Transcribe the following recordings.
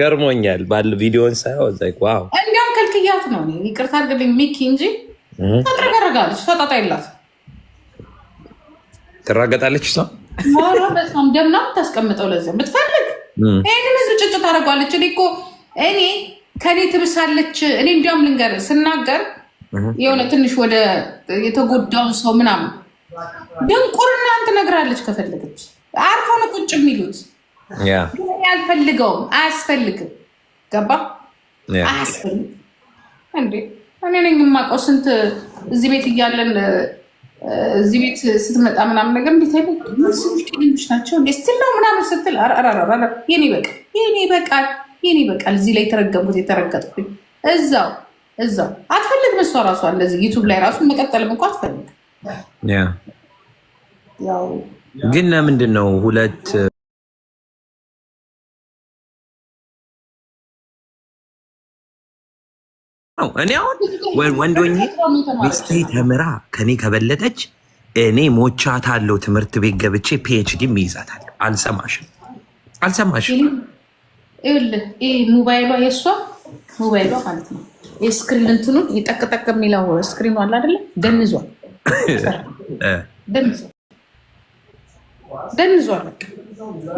ገርሞኛል። ባለ ቪዲዮን ሳይሆን ዋው እንዲያውም ከልክያት ነው። ይቅርታ አድርግልኝ ሚኪ እንጂ ታጥረገረጋለች። ፈጣጣ የላት ትራገጣለች። ሰው በጣም ደምና ታስቀምጠው ለዚ ብትፈልግ ይህንን ህዝብ ጭጭ ታደርጓለች። እኔ እኮ እኔ ከኔ ትብሳለች። እኔ እንዲያውም ልንገር ስናገር የሆነ ትንሽ ወደ የተጎዳውን ሰው ምናምን ድንቁርና ትነግራለች። ከፈለገች አርፎ ነው ቁጭ የሚሉት አልፈልገውም። አያስፈልግም። ገባ አያስፈልግም። እኔ ነኝ የማውቀው። ስንት እዚህ ቤት እያለን እዚህ ቤት ስትመጣ ምናምን ነገር እንዴት አይበቅልሽ ናቸው ስትል ነው ምናምን ስትል የኔ ይበቃል፣ የኔ ይበቃል፣ የኔ ይበቃል። እዚህ ላይ የተረገምኩት የተረገጥኩኝ እዛው እዛው አትፈልግም። እሷ ራሷ እንደዚህ ዩቱብ ላይ ራሱ መቀጠልም እንኳ አትፈልግም። ግን ለምንድን ነው ሁለት ነው። እኔ አሁን ወንዶኝ ሚስቴ ተምራ ከኔ ከበለጠች እኔ ሞቻታለሁ። ትምህርት ቤት ገብቼ ፒኤችዲም ይይዛታለሁ። አልሰማሽም፣ አልሰማሽም። ሞባይሏ የእሷ ሞባይሏ ማለት ነው። የስክሪን እንትኑ ይጠቅጠቅ የሚለው ስክሪኑ አለ አይደለ? ደንዟል፣ ደንዟል፣ ደንዟል።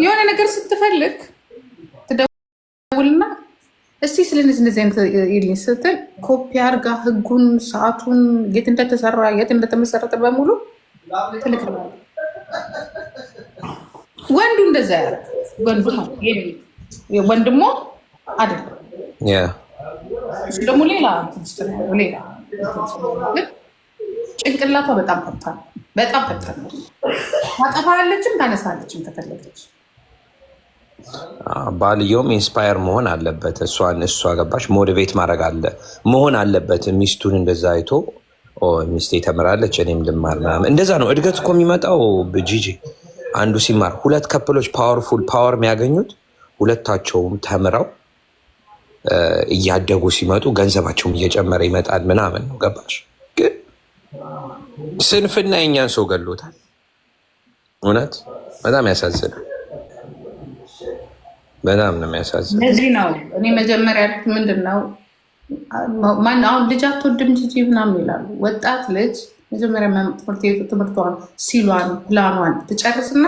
የሆነ ነገር ስትፈልግ ትደውልና እስቲ ስለ እነዚህ አይነት ኢሊን ስትል ኮፒ አርጋ ህጉን፣ ሰዓቱን፣ የት እንደተሰራ የት እንደተመሰረተ በሙሉ ትልክላለች። ወንዱ እንደዛ ያለ ወንድሞ አይደለም እሱ ደግሞ ሌላ ሌላ ጭንቅላቷ በጣም ፈጣን በጣም ፈታ ታጠፋለችም ታነሳለችም ተፈለገች ባልየውም ኢንስፓየር መሆን አለበት። እሷን እሷ ገባች ሞድቤት ማድረግ አለ መሆን አለበት። ሚስቱን እንደዛ አይቶ ሚስቴ ተምራለች እኔም ልማር ምናምን እንደዛ ነው እድገት እኮ የሚመጣው ጂጂ። አንዱ ሲማር ሁለት ከፕሎች ፓወርፉል ፓወር የሚያገኙት ሁለታቸውም ተምረው እያደጉ ሲመጡ ገንዘባቸውም እየጨመረ ይመጣል ምናምን ነው ገባች። ግን ስንፍና የኛን ሰው ገሎታል። እውነት በጣም ያሳዝናል። በጣም ነው የሚያሳዝን። ለዚህ ነው እኔ መጀመሪያ ልክ ምንድን ነው ማን አሁን ልጅ አትወድም ጂጂ ምናምን ይላሉ። ወጣት ልጅ መጀመሪያ ትምህርት ቤቱ ትምህርቷን፣ ሲሏን፣ ፕላኗን ትጨርስና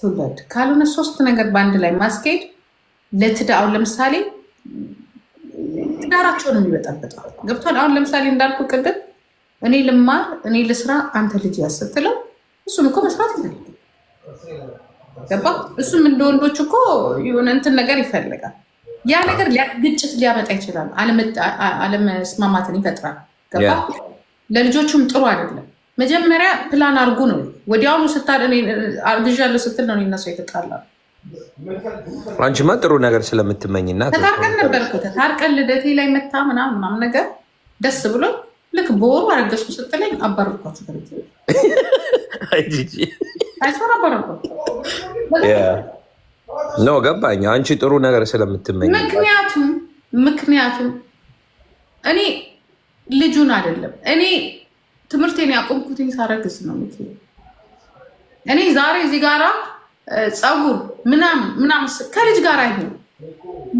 ትውለድ። ካልሆነ ሶስት ነገር በአንድ ላይ ማስኬድ ለትዳ አሁን ለምሳሌ ትዳራቸውን የሚበጠብጠው ገብቷል። አሁን ለምሳሌ እንዳልኩ ቅድም እኔ ልማር፣ እኔ ልስራ፣ አንተ ልጅ ያስትለው እሱም እኮ መስራት ይፈልግ ገባ። እሱም እንደ ወንዶች እኮ የሆነ እንትን ነገር ይፈልጋል። ያ ነገር ግጭት ሊያመጣ ይችላል። አለመስማማትን ይፈጥራል። ገባ። ለልጆቹም ጥሩ አይደለም። መጀመሪያ ፕላን አርጉ ነው። ወዲያውኑ አርግዣለሁ ስትል ነው እነሱ የተጣላ። አንቺማ ጥሩ ነገር ስለምትመኝና ተታርቀን ነበርኩ ተታርቀን ልደቴ ላይ መታ ምናምን ምናምን ነገር ደስ ብሎ ልክ በወሩ አረገዝኩ ስትለኝ አባረርኳቸው። ኖ ገባኝ። አንቺ ጥሩ ነገር ስለምትመኝ ምክንያቱም ምክንያቱም እኔ ልጁን አይደለም እኔ ትምህርቴን ያቆምኩትኝ ሳረግዝ ነው። እኔ ዛሬ እዚህ ጋራ ፀጉር ምናምን ምናምን ከልጅ ጋር አይሆን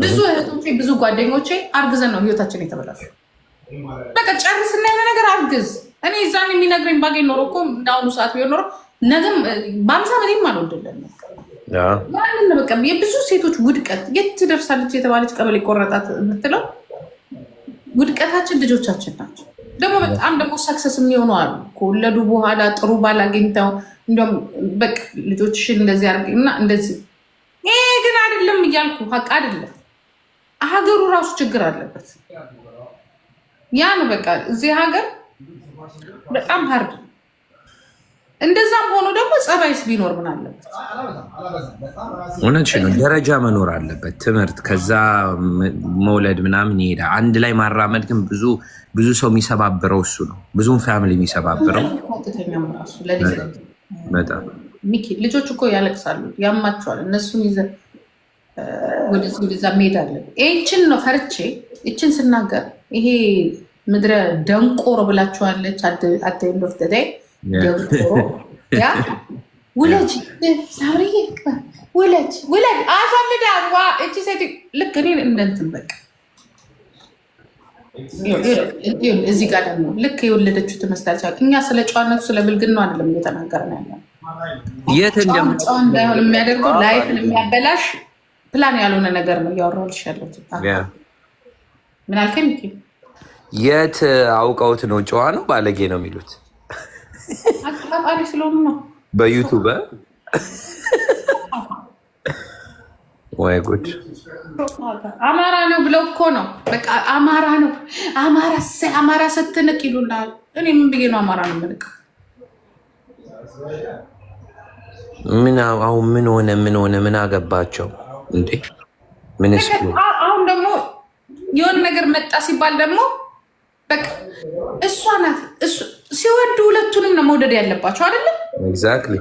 ብዙ እህቶቼ ብዙ ጓደኞቼ አርግዘን ነው ህይወታችን የተበላሸው። በቃ ጨርስና የሆነ ነገር አርግዝ። እኔ እዛን የሚነግረኝ ባገኝ ኖሮ እኮ እንደ አሁኑ ሰዓት ቢሆን ኖሮ ነገም በአምሳ በኔም አልወደለም። በቃ የብዙ ሴቶች ውድቀት የት ትደርሳለች የተባለች ቀበሌ ቆረጣት የምትለው ውድቀታችን ልጆቻችን ናቸው። ደግሞ በጣም ደግሞ ሰክሰስ የሚሆኑ አሉ ከወለዱ በኋላ ጥሩ ባል አግኝተው እንዲያውም በቃ ልጆችሽን እንደዚህ አድርጊና እንደዚህ። ይሄ ግን አይደለም እያልኩ ሀቅ አይደለም። ሀገሩ ራሱ ችግር አለበት። ያ ነው በቃ። እዚህ ሀገር በጣም ሀርድ። እንደዛም ሆኖ ደግሞ ጸባይስ ቢኖር ምን አለበት? እውነት ነው። ደረጃ መኖር አለበት። ትምህርት፣ ከዛ መውለድ ምናምን ይሄዳል። አንድ ላይ ማራመድ ግን ብዙ ብዙ ሰው የሚሰባብረው እሱ ነው። ብዙም ፋሚሊ የሚሰባብረው ሚኪ ልጆች እኮ ያለቅሳሉ፣ ያማቸዋል። እነሱን ይዘ ወደዚህ ወደዛ መሄድ አለ። ይችን ነው ፈርቼ ይችን ስናገር ይሄ ምድረ ደንቆሮ ብላችኋለች። አተሎፍ ተዳይ ደንቆሮ ያ ውለጅ ሳሪ ውለጅ ውለጅ አሳልዳ ዋ እቺ ሴት ልክ እኔ እንደንትን በቃ እዚህ ጋር ደግሞ ልክ የወለደችው ትመስላለች። እኛ ስለ ጨዋነቱ ስለ ብልግና አይደለም እየተናገርን ያለን። የት ጨዋ እንዳይሆን የሚያደርገው ላይፍን የሚያበላሽ ፕላን ያልሆነ ነገር ነው እያወራሁልሽ ያለሁት። ምን አልከኝ? የት አውቀውት ነው? ጨዋ ነው ባለጌ ነው የሚሉት አጣጣሪ ስለሆኑ ነው። በዩቱብ ወይ ጉድ አማራ ነው ብለው እኮ ነው። በቃ አማራ ነው አማራ አማራ ስትንቅ ይሉናል። እኔ ምን ብዬ ነው አማራ ነው ምንቅ? ምን አሁን ምን ሆነ? ምን ሆነ? ምን አገባቸው እንዴ? ምን አሁን ደግሞ የሆነ ነገር መጣ ሲባል ደግሞ በቃ እሷ ናት። ሲወዱ ሁለቱንም ነው መውደድ ያለባቸው አይደለም? ኤግዛክትሊ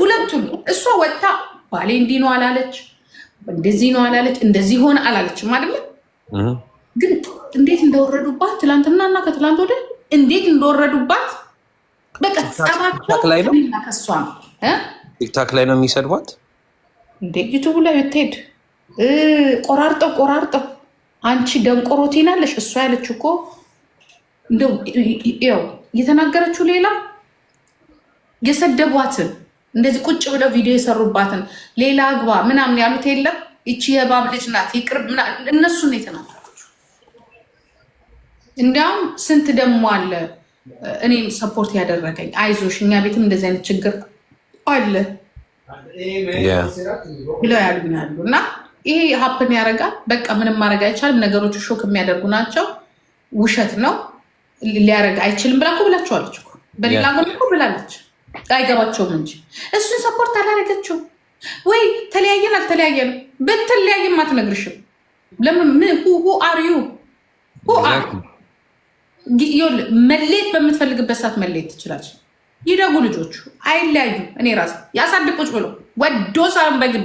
ሁለቱን። እሷ ወጥታ ባሌ እንዲህ ነው አላለች፣ እንደዚህ ነው አላለች፣ እንደዚህ ሆነ አላለችም አይደለም? ግን እንዴት እንደወረዱባት ትላንትናና ከትላንት ወደ እንዴት እንደወረዱባት በቃ ጸባቸው ከሷ ነው። ቲክታክ ላይ ነው የሚሰድቧት እንዴ ዩቱቡ ላይ ብትሄድ ቆራርጠው ቆራርጠው አንቺ ደንቆሮ ትናለሽ። እሷ ያለችው እኮ ው የተናገረችው ሌላ የሰደቧትን እንደዚህ ቁጭ ብለው ቪዲዮ የሰሩባትን ሌላ አግባ ምናምን ያሉት የለም። ይቺ የባብ ልጅ ናት ይቅርብ። እነሱን የተናገረችው እንዲያውም ስንት ደሞ አለ እኔም ሰፖርት ያደረገኝ አይዞሽ፣ እኛ ቤትም እንደዚህ አይነት ችግር አለ ብለው ያሉኛሉ እና ይሄ ሀፕን ያደርጋል። በቃ ምንም ማድረግ አይቻልም። ነገሮቹ ሾክ የሚያደርጉ ናቸው። ውሸት ነው ሊያደርግ አይችልም ብላ እኮ ብላችኋለች። በሌላ ጎን ብላለች። አይገባቸውም እንጂ እሱን ሰፖርት አላደረገችው ወይ ተለያየን አልተለያየን ብትለያየም አትነግርሽም። ለምን ሁ አር ዩ መሌት በምትፈልግበት ሰዓት መሌት ትችላለች። ይደጉ ልጆቹ አይለያዩ። እኔ ራሴ ያሳድቁች ብሎ ወዶ ሳይሆን በግዱ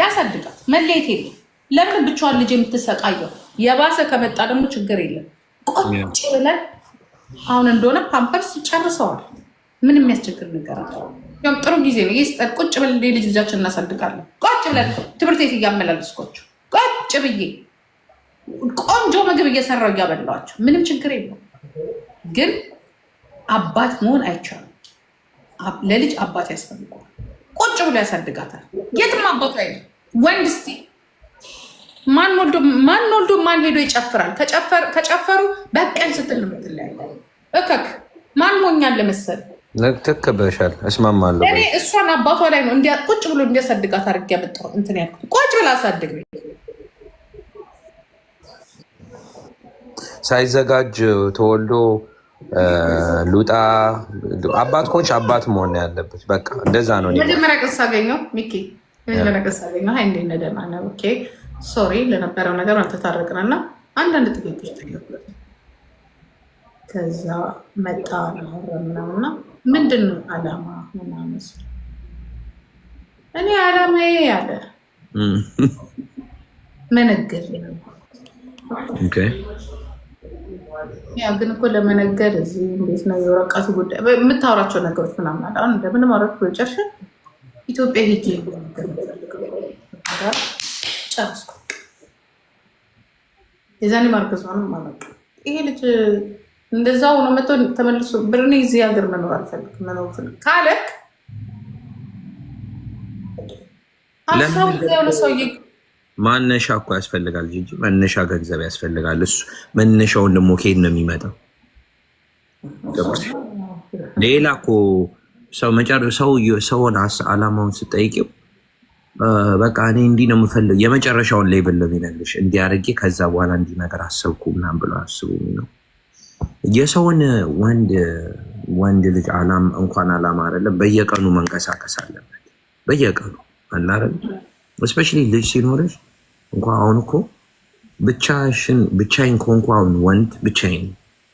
ያሳድጋት። መለየት የለም። ለምን ብቻዋን ልጅ የምትሰቃየው? የባሰ ከመጣ ደግሞ ችግር የለም። ቆጭ ብለን አሁን እንደሆነ ፓምፐርስ ጨርሰዋል። ምንም የሚያስቸግር ነገር ያም ጥሩ ጊዜ ነው ይስጠን። ቁጭ ብለን ልጅ ልጃችን እናሳድጋለን። ቁጭ ብለን ትምህርት ቤት እያመላለስኳቸው፣ ቁጭ ብዬ ቆንጆ ምግብ እየሰራው እያበላቸው፣ ምንም ችግር የለም። ግን አባት መሆን አይቻልም። ለልጅ አባት ያስፈልገዋል። ቁጭ ብሎ ያሳድጋታል። የትም አባቱ አይ ወንድ እስቲ ማን ወልዶ ማን ሄዶ ይጨፍራል? ከጨፈሩ በቀን ስትል ነው ትለያለ። እከክ ማን ሞኛል ለመሰል ትክበሻል። እስማማለሁ። እኔ እሷን አባቷ ላይ ነው እንዲያ ቁጭ ብሎ እንዲያሳድጋት አድርጌ ያመጣሁ እንትን ያልኩት ቁጭ ብላ አሳድግ ሳይዘጋጅ ተወልዶ ሉጣ አባት ኮች አባት መሆን ያለበት በቃ እንደዛ ነው። መጀመሪያ ሚኪ መጀመሪያ ቀን ሀይ እንዴት ነህ ደህና ነህ? ኦኬ ሶሪ ለነበረው ነገር አልተታረቅን እና አንዳንድ ጥያቄዎች ጠየቁለት። ከዛ መጣ ምናምና ምንድን ነው አላማ ምናምን እኔ አላማዬ ያለ መነገር ነው ያው ግን እኮ ለመነገድ እዚህ እንዴት ነው የወረቀቱ ጉዳይ የምታወራቸው ነገሮች ምናምን አለ። አሁን ለምን ማውራት ጨርሽ ኢትዮጵያ ሄጄ ጨርስኩ። የዛኔ ማርገዟንም ማለት ይሄ ልጅ እንደዛ ሆኖ መቶ ተመልሶ ብርን እዚህ ሀገር መኖር አልፈልግ መኖር ፈልግ ካለክ ሀሳቡ የሆነ ሰውዬ ማነሻ እኮ ያስፈልጋል ጂጂ፣ መነሻ ገንዘብ ያስፈልጋል። እሱ መነሻውን ደግሞ ከሄድ ነው የሚመጣው። ሌላ እኮ ሰውን አላማውን ስጠይቅም በቃ እኔ እንዲህ ነው የምፈልግ የመጨረሻውን ሌብል ነው የሚነግርሽ። እንዲህ አድርጌ ከዛ በኋላ እንዲህ ነገር አሰብኩ ምናምን ብሎ አስቡ ነው የሰውን ወንድ ወንድ ልጅ አላም እንኳን አላማ አይደለም በየቀኑ መንቀሳቀስ አለበት። በየቀኑ አላረም እስፔሻሊ ልጅ ሲኖርሽ እንኳ አሁን እኮ ብቻሽን ብቻይን ከሆንኩ አሁን ወንድ ብቻይን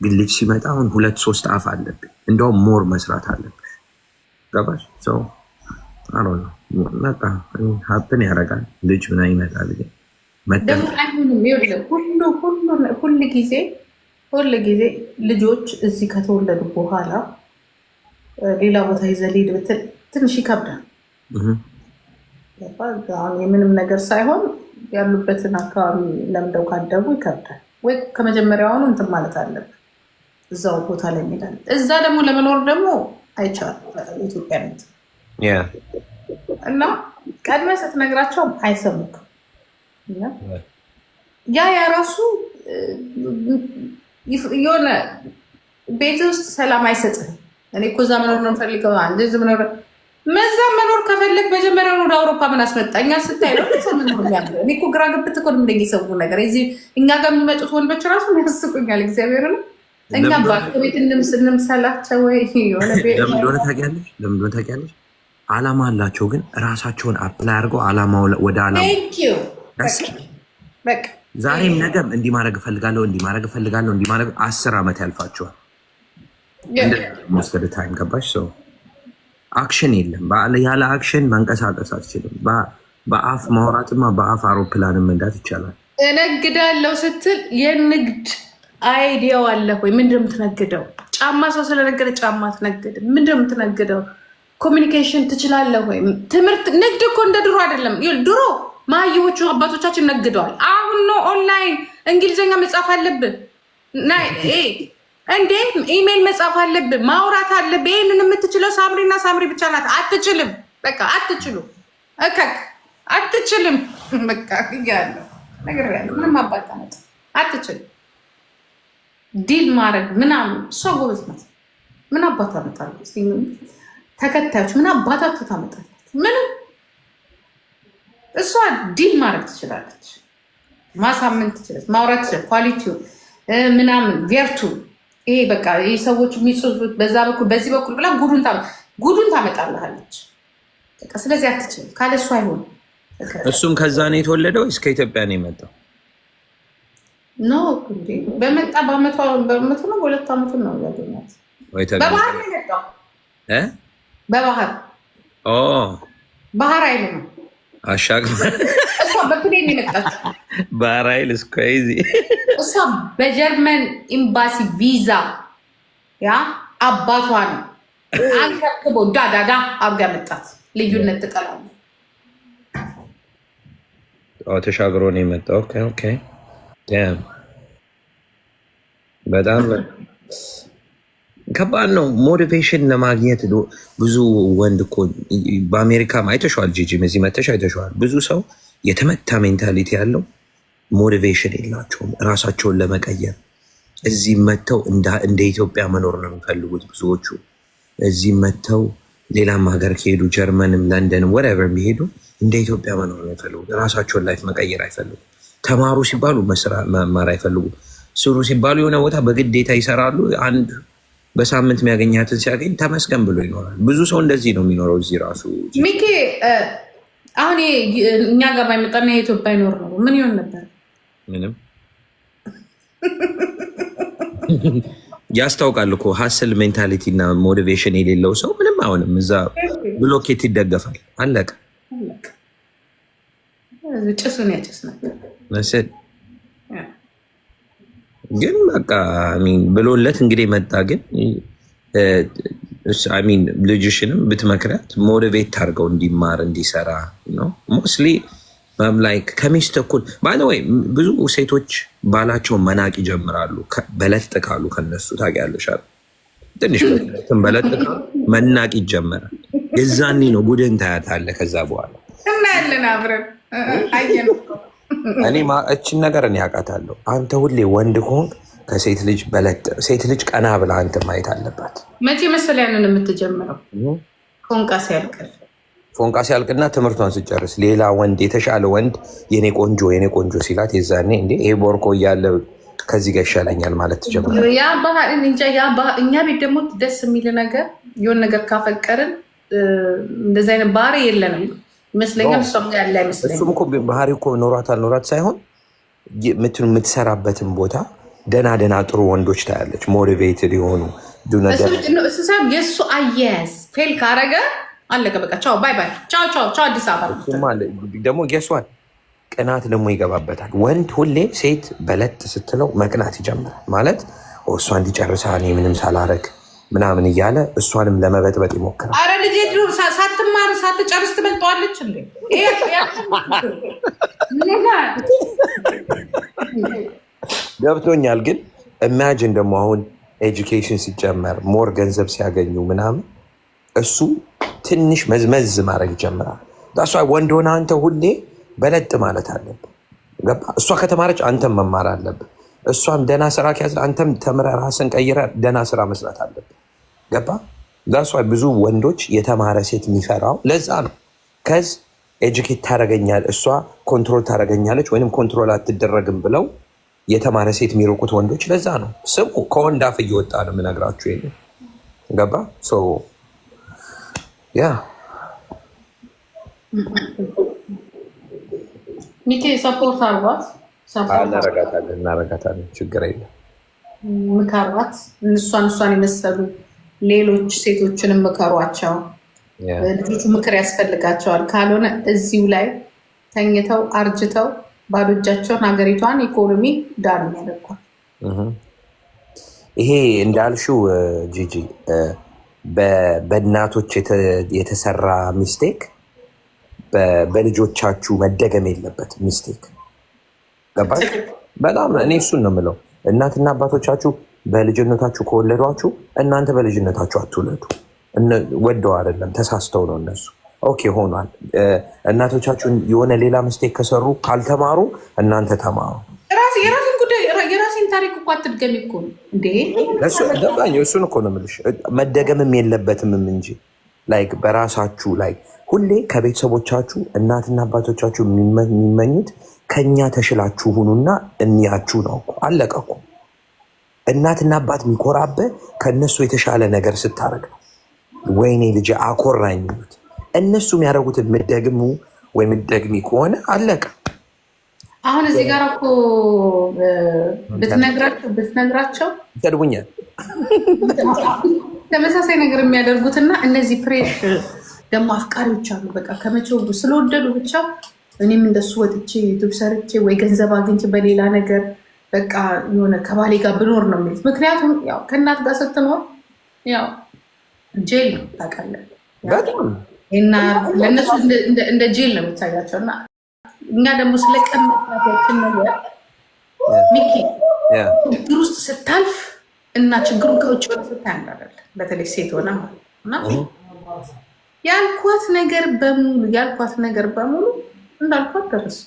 ግን ልጅ ሲመጣ አሁን ሁለት ሶስት አፍ አለብኝ። እንደውም ሞር መስራት አለብሽ። ገባሽ? ሰው አሮ ነው በቃ ሀብትን ያደርጋል ልጅ ምን ይመጣል። ደግሞ ሁሉ ጊዜ ሁሉ ጊዜ ልጆች እዚህ ከተወለዱ በኋላ ሌላ ቦታ ይዘህ ልሂድ ብትል ትንሽ ይከብዳል። አሁን የምንም ነገር ሳይሆን ያሉበትን አካባቢ ለምደው ካደጉ ይከብዳል ወይ ከመጀመሪያውኑ እንትን ማለት አለብን እዛው ቦታ ላይ ሚላል እዛ ደግሞ ለመኖር ደግሞ አይቻልም። ኢትዮጵያነት እና ቀድመህ ስትነግራቸውም አይሰሙክ። ያ የራሱ የሆነ ቤት ውስጥ ሰላም አይሰጥህም። እኔ እኮ እዛ መኖር ነው የምፈልገው አንድ ዝም መዛ መኖር ከፈለግ መጀመሪያ ወደ አውሮፓ ምን አስመጣኛ ስታይ ነው እኔ እኮ ግራ ግብት እኮ እንደ ሰው ነገር እዚህ እኛ ጋር የሚመጡት ወንዶች ራሱ ያስቁኛል። እግዚአብሔር ነው። እኛ ቤት እንምሰላቸው ወይ ለምንደሆነ ታውቂያለሽ፣ ለምንደሆነ ታውቂያለሽ። አላማ አላቸው፣ ግን ራሳቸውን አፕላይ አድርገው አላማ ወደ አላማ ዛሬም ነገም እንዲህ ማድረግ እፈልጋለሁ፣ እንዲህ ማድረግ እፈልጋለሁ፣ እንዲህ ማድረግ አስር ዓመት ያልፋቸዋል። ሞስተድ ታይም ገባሽ ሰው አክሽን የለም። ያለ አክሽን መንቀሳቀስ አትችልም። በአፍ ማውራትማ በአፍ አውሮፕላን መንዳት ይቻላል። እነግዳለው ስትል የንግድ አይዲያው አለ ወይ? ምንድነው የምትነግደው? ጫማ ሰው ስለነገደ ጫማ ትነግድ። ምንድነው የምትነግደው? ኮሚኒኬሽን ትችላለህ ወይ? ትምህርት ንግድ እኮ እንደ ድሮ አይደለም። ድሮ ማየዎቹ አባቶቻችን ነግደዋል። አሁን ነው ኦንላይን እንግሊዝኛ መጻፍ አለብን። እንዴ ኢሜል መጻፍ አለብ፣ ማውራት አለብህ። ይህንን የምትችለው ሳምሪና ሳምሪ ብቻ ናት። አትችልም፣ በቃ አትችሉ፣ እከክ አትችልም። በቃ ያለው ነገር ያለው ምንም አባታ መጣ አትችልም። ዲል ማድረግ ምናምን እሷ ጎበዝ ናት። ምን አባቷ መጣል ተከታዮች ምን አባታችሁ ታመጣለች? ምንም እሷ ዲል ማድረግ ትችላለች፣ ማሳመን ትችላለች፣ ማውራት ትችላለች። ኳሊቲው ምናምን ቬርቱ ይሄ በቃ ይህ ሰዎች የሚጽፉት በዛ በኩል በዚህ በኩል ብላ ጉዱን ጉዱን ታመጣልሃለች። ስለዚህ አትችልም ካለ እሱ አይሆንም። እሱም ከዛ ነው የተወለደው ወይስ ከኢትዮጵያ ነው የመጣው? ኖ በመጣ በአመቱ ነው በሁለት አመቱ ነው ያገኛት። በባህር ነው የመጣው። በባህር ባህር አይልም አሻግማል በፕሌን የመጣችው ባህር ኃይል እሷ በጀርመን ኤምባሲ ቪዛ ያ አባቷ ነው አንከብክቦ ዳዳዳ አርጋ መጣት። ልዩነት ትጠላለ። ተሻግሮ ነው የመጣው። በጣም ከባድ ነው ሞቲቬሽን ለማግኘት ብዙ ወንድ እኮ በአሜሪካ አይተሸዋል፣ ጂጂ እዚህ መተሽ አይተሸዋል። ብዙ ሰው የተመታ ሜንታሊቲ ያለው ሞቲቬሽን የላቸውም እራሳቸውን ለመቀየር። እዚህ መተው እንደ ኢትዮጵያ መኖር ነው የሚፈልጉት ብዙዎቹ። እዚህ መተው ሌላም ሀገር ከሄዱ ጀርመንም፣ ለንደንም ወደቨር የሚሄዱ እንደ ኢትዮጵያ መኖር ነው የሚፈልጉት። እራሳቸውን ላይፍ መቀየር አይፈልጉ ተማሩ ሲባሉ መማር አይፈልጉ። ስሩ ሲባሉ የሆነ ቦታ በግዴታ ይሰራሉ አንድ በሳምንት የሚያገኛትን ሲያገኝ ተመስገን ብሎ ይኖራል። ብዙ ሰው እንደዚህ ነው የሚኖረው። እዚህ ራሱ ሚኬ አሁን እኛ ጋር ባይመጣና የኢትዮጵያ ይኖር ነው ምን ይሆን ነበር? ምንም ያስታውቃል እኮ ሀስል ሜንታሊቲ እና ሞቲቬሽን የሌለው ሰው ምንም አሁንም እዛ ብሎኬት ይደገፋል። አለቀ ጭሱን ያጭስ ነበር ግን በቃ ብሎለት እንግዲህ መጣ። ግን ሚን ልጅሽንም ብትመክረት ሞቲቬት ታርገው እንዲማር እንዲሰራ ነው። ሞስሊ ላይክ ከሚስት እኩል ባይወይ ብዙ ሴቶች ባላቸው መናቅ ይጀምራሉ። በለጥ ካሉ ከነሱ ታውቂያለሻል። ትንሽ በለጥ ካሉ መናቅ ይጀመራል። የዛኔ ነው ጉድን ታያታለህ። ከዛ በኋላ እናያለን አብረን አየነው እኔ እችን ነገር እኔ ያውቃታለሁ። አንተ ሁሌ ወንድ ከሆንክ ከሴት ልጅ በለጥ ሴት ልጅ ቀና ብላ አንተ ማየት አለባት። መቼ መሰለህ ያንን የምትጀምረው? ፎንቃ ሲያልቅል ፎንቃ ሲያልቅና ትምህርቷን ስጨርስ ሌላ ወንድ የተሻለ ወንድ የኔ ቆንጆ የኔ ቆንጆ ሲላት የዛኔ እንደ ይሄ ቦርኮ እያለ ከዚህ ጋር ይሻለኛል ማለት ትጀምራለህ። እኛ ቤት ደግሞ ደስ የሚል ነገር የሆን ነገር ካፈቀርን እንደዚህ አይነት ባህሪ የለንም። ይመስለኛል። እሷም ያለ አይመስለኝም። እሱም እኮ ባህሪ እኮ ኖሯት አልኖሯት ሳይሆን የምትሰራበትን ቦታ ደና ደና ጥሩ ወንዶች ታያለች፣ ሞቲቬትድ የሆኑ እሱሳ የእሱ አያያዝ ፌል ካረገ አለቀ በቃ ቻው ባይ ባይ ቻው ቻው ቻው አዲስ አበባ ደግሞ ጌሷን ቅናት ደግሞ ይገባበታል። ወንድ ሁሌ ሴት በለጥ ስትለው መቅናት ይጀምራል ማለት እሷ እንዲጨርሳ እኔ ምንም ሳላረግ ምናምን እያለ እሷንም ለመበጥበጥ ይሞክራል። አረ ልጄ ሳትማር ሳትጨርስ ትበልጠዋለች እንዴ! ገብቶኛል። ግን ኢማጂን ደግሞ አሁን ኤጁኬሽን ሲጨመር ሞር ገንዘብ ሲያገኙ ምናምን እሱ ትንሽ መዝመዝ ማድረግ ይጀምራል። እሷ ወንድ ሆነ አንተ ሁሌ በለጥ ማለት አለብህ። እሷ ከተማረች አንተም መማር አለብህ። እሷም ደህና ስራ ከያዝ አንተም ተምረ ራስን ቀይረ ደህና ስራ መስራት አለብህ። ገባ ዛሷ ብዙ ወንዶች የተማረ ሴት የሚፈራው ለዛ ነው። ከዚ ኤጁኬት ታደረገኛል እሷ ኮንትሮል ታደረገኛለች ወይም ኮንትሮል አትደረግም ብለው የተማረ ሴት የሚርቁት ወንዶች ለዛ ነው። ስሙ ከወንድ አፍ እየወጣ ነው የምነግራችሁ። ይ ገባ ያ ሚኬ ሰፖርት አርጓት እናረጋታለን፣ እናረጋታለን። ችግር የለም ምካርባት እሷን እሷን የመሰሉ ሌሎች ሴቶችንም ምከሯቸው። ልጆቹ ምክር ያስፈልጋቸዋል። ካልሆነ እዚሁ ላይ ተኝተው አርጅተው ባዶ እጃቸውን ሀገሪቷን ኢኮኖሚ ዳር ያደርጓል። ይሄ እንዳልሽው ጂጂ በእናቶች የተሰራ ሚስቴክ በልጆቻችሁ መደገም የለበት ሚስቴክ ገባሽ? በጣም እኔ እሱን ነው የምለው። እናትና አባቶቻችሁ በልጅነታችሁ ከወለዷችሁ እናንተ በልጅነታችሁ አትውለዱ። ወደው አይደለም ተሳስተው ነው እነሱ። ኦኬ ሆኗል። እናቶቻችሁን የሆነ ሌላ ምስቴክ ከሰሩ ካልተማሩ እናንተ ተማሩ። የራሴን ታሪክ እኮ አትድገሚ እኮ ነው እንዴ! እሱን እኮ ነው የምልሽ። መደገምም የለበትምም እንጂ ላይክ በራሳችሁ ላይ ሁሌ ከቤተሰቦቻችሁ እናትና አባቶቻችሁ የሚመኙት ከኛ ተሽላችሁ ሁኑና እንያችሁ ነው። አለቀ እኮ እናትና አባት የሚኮራበ ከእነሱ የተሻለ ነገር ስታደርግ ነው። ወይኔ ልጅ አኮራኝ የሚሉት እነሱ የሚያደረጉት ምደግሙ ወይ ምደግሚ ከሆነ አለቀ። አሁን እዚህ ጋር እኮ ብትነግራቸው ይሰድቡኛል። ተመሳሳይ ነገር የሚያደርጉትና እነዚህ ፍሬሽ ደግሞ አፍቃሪዎች አሉ። በቃ ከመቼው ስለወደዱ ብቻ እኔም እንደሱ ወጥቼ ዩቱብ ሰርቼ ወይ ገንዘብ አግኝቼ በሌላ ነገር በቃ የሆነ ከባሌ ጋር ብኖር ነው የሚሉት። ምክንያቱም ያው ከእናት ጋር ስትኖር ያው ጄል ነው ታውቃለህ፣ እና ለእነሱ እንደ ጄል ነው የሚታያቸው። እና እኛ ደግሞ ስለ ቀመጥናቶችን ሚኪ ችግር ውስጥ ስታልፍ እና ችግሩን ከውጭ ሆነ ስታይ አንዳረል በተለይ ሴት ሆነ እና ያልኳት ነገር በሙሉ ያልኳት ነገር በሙሉ እንዳልኳት ደረሱ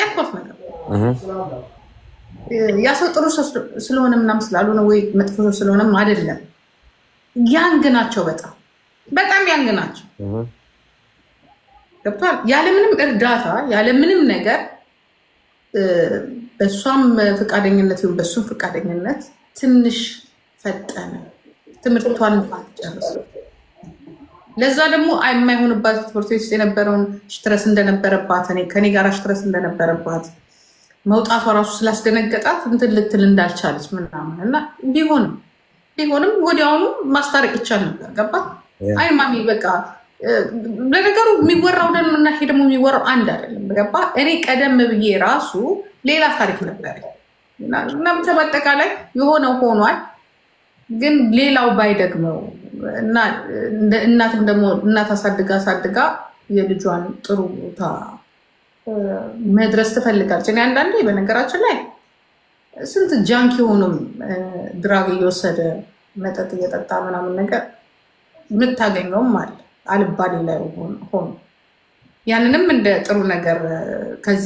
ያልኳት ነገር ያ ሰው ጥሩ ሰው ስለሆነ ምናምን ስላልሆነ ወይ መጥፎ ሰው ስለሆነም አይደለም። ያንግ ናቸው፣ በጣም በጣም ያንግ ናቸው። ገብቷል። ያለምንም እርዳታ ያለምንም ነገር በእሷም ፈቃደኝነት ይሁን በእሱም ፈቃደኝነት ትንሽ ፈጠነ፣ ትምህርቷን ጨርስ። ለዛ ደግሞ የማይሆንባት ትምህርት ቤት ውስጥ የነበረውን ሽትረስ እንደነበረባት እኔ ከኔ ጋር ሽትረስ እንደነበረባት መውጣቷ ራሱ ስላስደነገጣት እንትን ልትል እንዳልቻለች ምናምን እና ቢሆንም ቢሆንም ወዲያውኑ ማስታረቅ ይቻል ነበር። ገባት አይ ማሚ በቃ ለነገሩ የሚወራው ደምና ሄ ደግሞ የሚወራው አንድ አይደለም። ገባ እኔ ቀደም ብዬ ራሱ ሌላ ታሪክ ነበር እና ብቻ በአጠቃላይ የሆነው ሆኗል። ግን ሌላው ባይደግመው እና እናትም ደግሞ እናት አሳድጋ አሳድጋ የልጇን ጥሩ ቦታ መድረስ ትፈልጋለች። እኔ አንዳንዴ በነገራችን ላይ ስንት ጃንክ የሆኑም ድራግ እየወሰደ መጠጥ እየጠጣ ምናምን ነገር የምታገኘውም አለ አልባሌ ላይ ሆኖ ያንንም እንደ ጥሩ ነገር ከዚህ